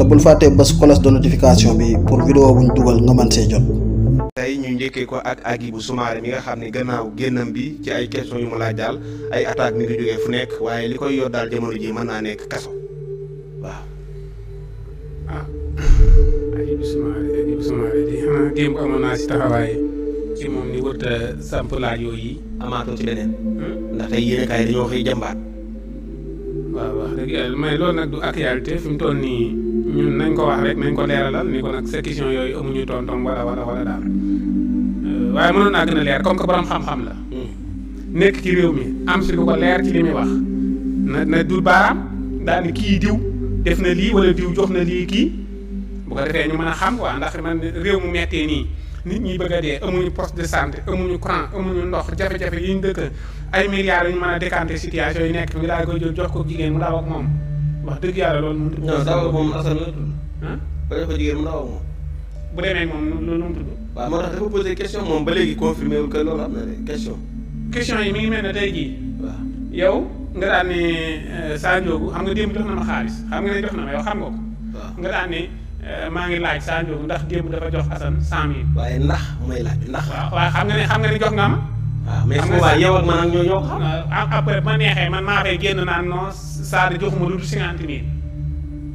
te bul fàttee bés cloche de notification bi pour vidéo buñ dugal nga man see jot. tey ñu njëkkee ko ak Hadjibou Soumaré mi nga xam ne gannaaw génnam bi ci ay questions yu mu laaj daal ay attaques mi ngi jógee fu nekk waaye li koy yor daal jamono ji mën naa nekk kaso waaw. ah Hadjibou Soumaré Hadjibou Soumaré di xanaa ah, démb amoon naa si taxawaay ci moom ni wërta samp laaj yooyu. ci beneen. Hmm? ndax tey a kaay dañoo xëy jàmbaat. waaw wax dëgg yàlla loolu nag du actualité fi mu toll nii ñun nañ ko wax rek nañ ko leeralal ni ko nag sa question yooyu amuñu tontom wala wala wala daal euh, waaye mënoon naa gën a leer comme que borom xam-xam la. Hmm. nekk ci réew mi am si lu ko leer ci li wax na na dul baaraam daal ni kii diw def na lii wala diw jox na lii kii bu ko defee ñu mën a xam quoi ndax man réew mu mettee nii nit ñi bëgg dee amuñu poste de santé amuñu courant amuñu ndox jafe-jafe yi ñu dëkk. ay milliards yu ñu mën a décanter situation yi nekk fi nga daal koy jël jox ko jigéen mu daaw ak moom wax dëgg yàlla loolu. mu non daaw moom Assane la ba jox ko jigéen mu daaw ak moom. bu demee moom loolu mu tudd. moo tax dafa posé question moom ba léegi confirmé wul que loolu am na de question. question yi mi ngi mel na tey jii. waaw yow nga daan ne euh, Sa xam nga démb jox na ma xaalis xam nga ne jox na ma yow xam nga ko. waaw nga daan ne euh, maa ngi laaj Sa Ndiogou ndax démb dafa jox Assane cent waaye ndax mooy laaj ndax. Ah, waaw mais xam. après ma neexee man maa fay génn naan non saar joxuma lu dul cinquante mille.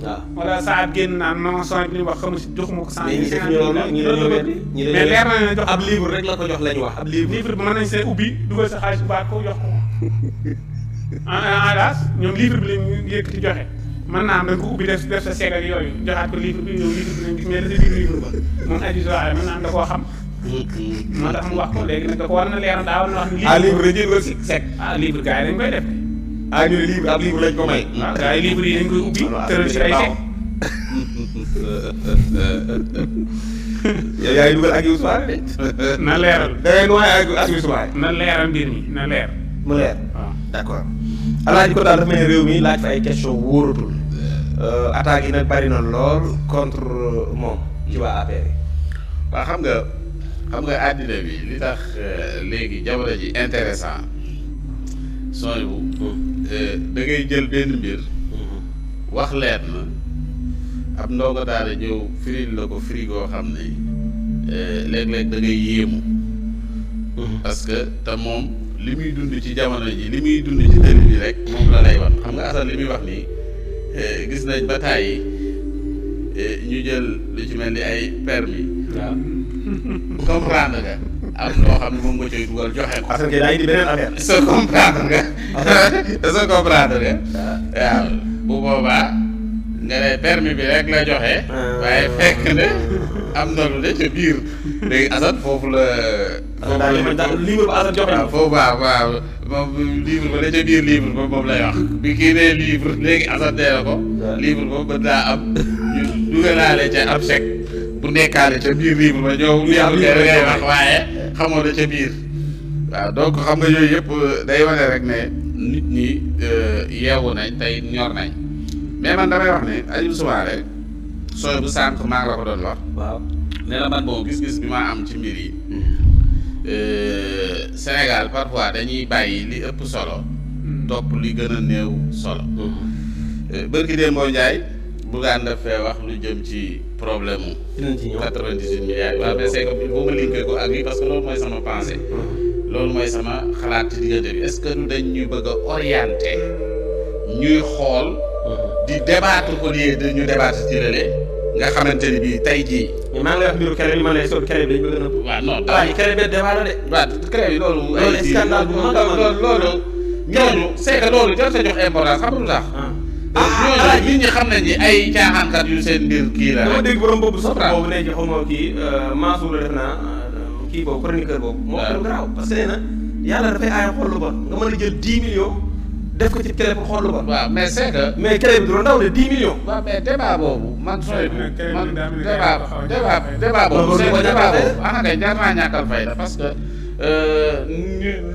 waaw ah. wala Sadio génn naan non son bi ñu wax xamu si joxuma ko. cent mille mais leer na leen jox ab livre rek la ko jox la wax ab livre. livre bi mën nañ see ubbi dugal sa xaalis bu baax ko jox ko. en hélas ñoom livre bi lañ yëkkati joxe. mën naa am dañ ko ubbi def def sa seeg yooyu joxaat ko livre bi ñoom livre bi lañ gis mais la ba moom aji soo moo tax mu wax ko léegi nag ko war na leer daa war na wax ni. ko may. Ah, ah, na leeral. da ngay nooy ak yu subaare. na leeral mbir mi na leer. mu leer ah. d'accord. alaaji ko daal dafa mel réew mi laaj fa ay question wóoratul. Euh, attaques yi nag bari na lool contre euh, moom ci waa APR. waa xam nga. xam nga àddina bi li tax euh, léegi jamono ji intéressant sooy bu euh, da ngay jël benn mbir wax leer na ab ndongo daara ñëw firil la ko firi goo xam ne euh, léeg-léeg da ngay yéemu parce que te moom li muy dund ci jamono ji li muy dund ci tëri bi rek moom la lay wax xam nga asal li muy wax nii gis nañ ba tàyyi ñu jël lu ci mel ni ay permis waaw comprendre nga am loo xam ne moom nga parce que daa indi beneen affaire. sa comprendre nga. sa comprendre nga. waaw bu boobaa nga ne permis bi rek la joxe. Ah. waaye fekk ne am na lu ne ca biir léegi Assane foofu la. foofu la livre ba Assane joxe waaw foofu waaw waaw moom livre ba ne ca biir livre ba moom lay wax. bi kii nee livre léegi Assane nee na ko. livre boobu mën naa am ñu dugalaale ca ab chèque. bu nekkaale ca biir livre ba ñëw neexul nga ngay wax waaye xamoo la ca biir waaw donc xam nga yooyu yëpp euh, day wane rek ne nit ñi euh, yeewu nañ tey ñor nañ mais man damay wax ne Hadjibou Soumaré sooy bu sànq maa ngi ko doon lor waaw ne la man bon gis-gis bi ma am ci mbir yi hmm. euh, Sénégal parfois dañuy bàyyi li ëpp solo hmm. topp li gën a néew solo bërki dee mboo Njaay buggaan na fee wax lu jëm ci problème mu. dinañ ci ñëw quatre-vingt-dix-huit milliards waaw ma linké ko ak lii parce loolu mooy sama pensée. Mm-hmm. loolu mooy sama xalaat ci diggante bi est-ce que du dañ ñuy bëgg a orienté ñuy xool. Mm-hmm. di débattre ko lieu de ñu débattre ci lële nga xamante ni bii tey jii. maa ngi lay wax mbiru kere bi ma lay soog kere bi dañu ko gën a. waaw kere bi débat kere bi loolu. ay loolu scandale bu loolu loolu. ñooñu jox importance xam nga ñooñu nit ñi xam nañ ni ay caaxaankat yu seen mbir kii la dama dégg borom boobu sax boobu ne ci xaw kii euh, Mansour la def naa euh, kii boobu chroniqueur boobu moo ko garaaw parce que nee na yàlla dafay aaya xool lu bon nga mën a jël dix millions def ko ci télé pour xool lu bon waaw mais c'est que mais télé bi du ndaw de dix millions waaw mais débat boobu man sooy man débat débat débat boobu c'est débat boobu ah kay jar naa ñàkkal fayda parce que euh,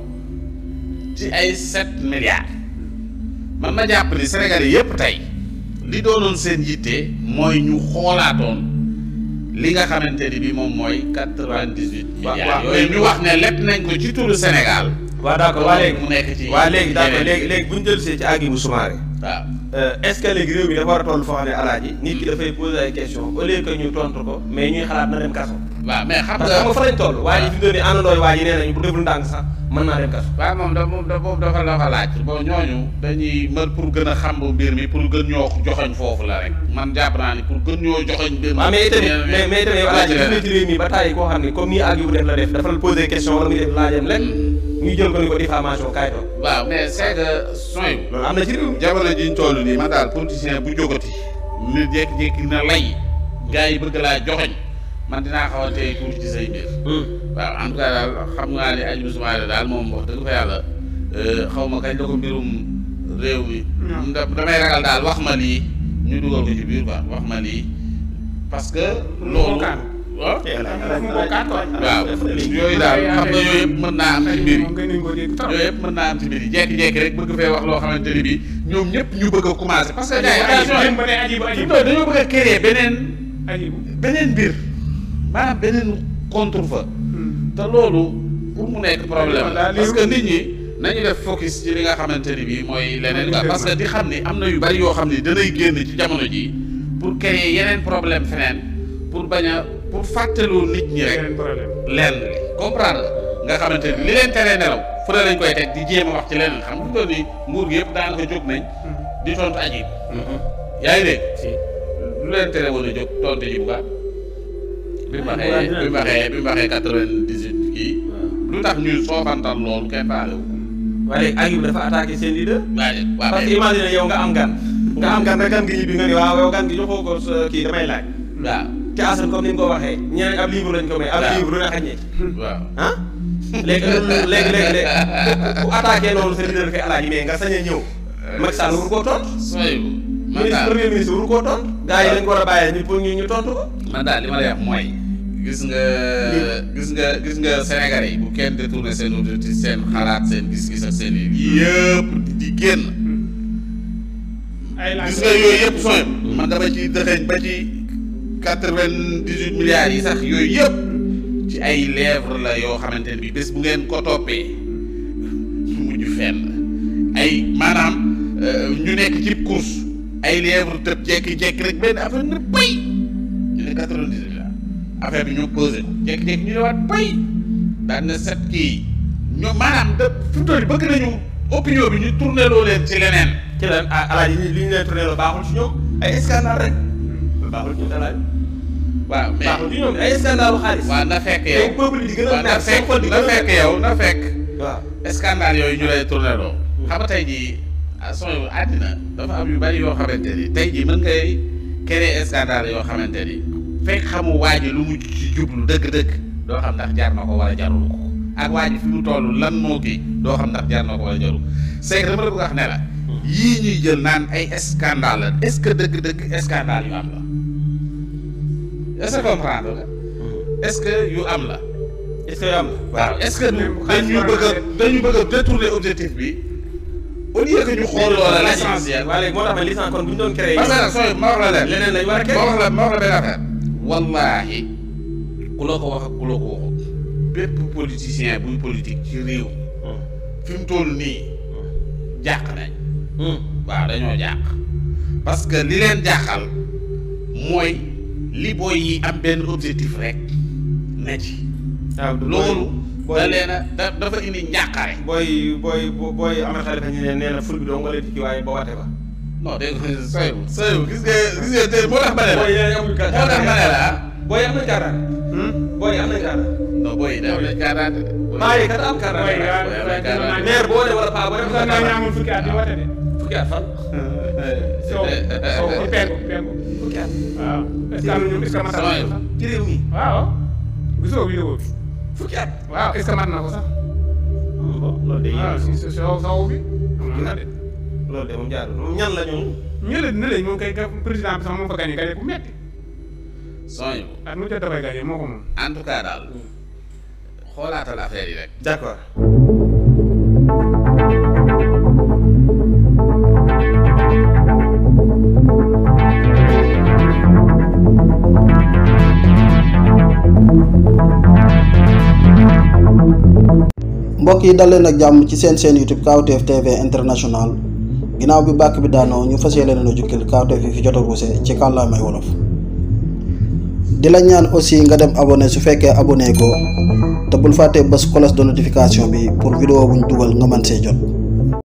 ci ay set milliards man ma jàpp ni Sénégalais yépp tey li doonoon seen yitte mooy ñu xoolaatoon li nga xamante ni bi moom mooy quatre-vingt-dix-huit milliards yooyu ñu wax ne lépp nañ ko ci turu Sénégal waaw d'accord waa léegi mu nekk ci waa léegi d'accord léegi léegi bu ñu dellusee ci àggi bu sumaare waaw euh, est-ce que léegi réew mi dafa war a toll foo xam ne alaaji nit ki dafay poser ay questions au lieu ñu tontu ko mais ñuy xalaat na dem kaso waaw mais xam nga xam fa lañ toll. waaw waaye fi mu toll nii àndandoo waa ji nee nañu gën a xam mbir mi pour gën ñoo joxoñ foofu la rek man naa ni pour gën ñoo joxoñ mais koo xam ne comme nii ak yu bu def la def dafa la mm. ni ko diffamation ñu toll nii man daal politicien bu jógati. mu jékki-jékki na lay. gars yi bëgg laa joxoñ man dinaa xaw a tey tuuti ci say mbir. waaw en tout daal xam naa ne Aliou Soumaré daal moom wax dëgg fa yàlla xaw ma kañ la ko mbirum réew mi. damay ragal daal wax ma lii ñu dugal ko ci biir quoi wax ma lii parce que. loolu yooyu daal xam nga yooyu yëpp mën naa am ci mbir yi yooyu yëpp mën naa am ci mbir yi jekki-jekki rek bëgg fee wax loo xamante ni bii ñoom ñëpp ñu bëgg a commencé parce que gars yi dañoo bëgg a créer beneen beneen mbir maanaam beneen contre fa te loolu pour mu nekk problème la que nit ñi nañu def focus ci li nga xamante ni bii mooy leneen parce que di xam ni am na yu bari yoo xam ni danay génn ci jamono ji pour créer yeneen problème feneen pour bañ a pour fàttaloo nit ñi rek lenn li comprendre nga xamante ni li leen teree nelaw fële lañ koy teg di jéem a wax ci leneen xam nga ni nguur gi yëpp daanaka jóg nañ di tontu ajib mm-hmm. yaa ngi dégg lu leen tere woon jóg tontu bi mu waxee bi mu waxee bi mu waxee quatre-vingt-dix-huit kii. lu tax ñuy soofantal loolu kenn faale wu. waaye Agib dafa attaqué seen leader. waaw parce que imagine yow nga am gan. nga am gan rek gan gi nga ni waaw yow gan gi joxoo ko kii damay laaj. waaw te Assane comme ni nga ko waxee. ñeneen ab livre lañ ko may. ab livre lu ne xaññee. waaw ah. léegi bu attaqué noonu sa leader kay alaaji mais nga a ñëw. Macky Sall waru koo tontu. ministre premier ministre a man daal li ma lay wax mooy. gis nga gis nga gis nga Sénégalais yi bu kenn détourné seen objectif seen xalaat seen gis-gis ak seen yi di génn gis nga yooyu yëpp sooy man dama ci dëxëñ ba ci quatre vingt dix yi sax yooyu yëpp ci ay lèvres la yoo xamante ne bi bés bu ngeen ko toppee mujj fenn ay maanaam euh, ñu nekk ci course ay lèvres tëb jekki-jekki rek benn affaire ne bay ñu ne quatre affaire bi ñu posé jékki-jékki ñu ne waat bay daan na set kii maanaam de fi bëgg nañu opinion bi ñu tourné leen ci leneen. ci leen ah, alaaji li ñu leen tourné loo baaxul ci ñoom ay scandale rek baaxul ci alaaji. waaw mais baaxul na fekk yow tey peuple di a na fekk na fekk ñu lay tourné xam nga tey jii ah, son àddina dafa am yu bari yoo xamante ni tey jii mën ngay créer scandale yoo xamante ni. fekk xamu waa ji lu mu ci jublu dëgg-dëgg doo xam ndax jar na ko wala jarul ko ak waa ji fi mu toll lan moo kii doo xam ndax jar na ko wala jarul Seydou dama la bëgg wax ne la. yii ñuy jël naan ay scandale la est-ce que dëgg-dëgg scandale yu am la. est-ce que comprendre nga. est-ce que yu am la. est-ce que yu am la. waaw est-ce que dañu bëgg a dañu bëgg a détourner objectif bi. au lieu que ñu xool loola l'essentiel. waaye léegi moo tax ma licence kon bu ñu doon créé. parce que sooy ma wax la leen leneen lañ war a créé ma wax la ma wax la benn affaire. wallaahi ku la ko wax ak ku la ko waxut bépp politicien buy politique ci réew mi fi nii jàq nañ waaw dañoo jàq parce que li leen jàqal mooy li booy yi am benn objectif rek ne ci loolu da leen a da dafa indi njàqare booy booy booy Ahmed Khalifa ñu ne nee na bi doo nga lay tikki waaye ba wate ba non dégg nga sooy sooy gis nga gis nga tey moo tax ma ne la. booy yi amul moo tax ma ne la booy am na kaaraan. booy am na kaaraan. non booy yi am na kaaraan. maa yi kat am kaaraan. booy yi am meer boo ne wala paa boo ne. naa ñaamul fukki at di wate de. fukki at fan. soo soo ko penku penku. fukki at. waaw est-ce que am na est-ce que mat na ci réew mi waaw. gisoo vidéo bi. fukki at. waaw est-ce que mat na ko sax. loolu day yéex. waaw si sa saw bi am na de. loolu de moom jaarul moom ñan ah, mbokk yi dal leen jàmm ci seen seen YouTube Kawtef TV International ginnaaw bi bàkk bi daanoo ñu fas yéene na jukkil kaarteef yi fi jot a ruuse ci kàllaamay wolof di la ñaan aussi nga dem abonné su fekkee abonné ko te bul fàtte bés cloche de notification bi pour vidéo buñ dugal nga mën see jot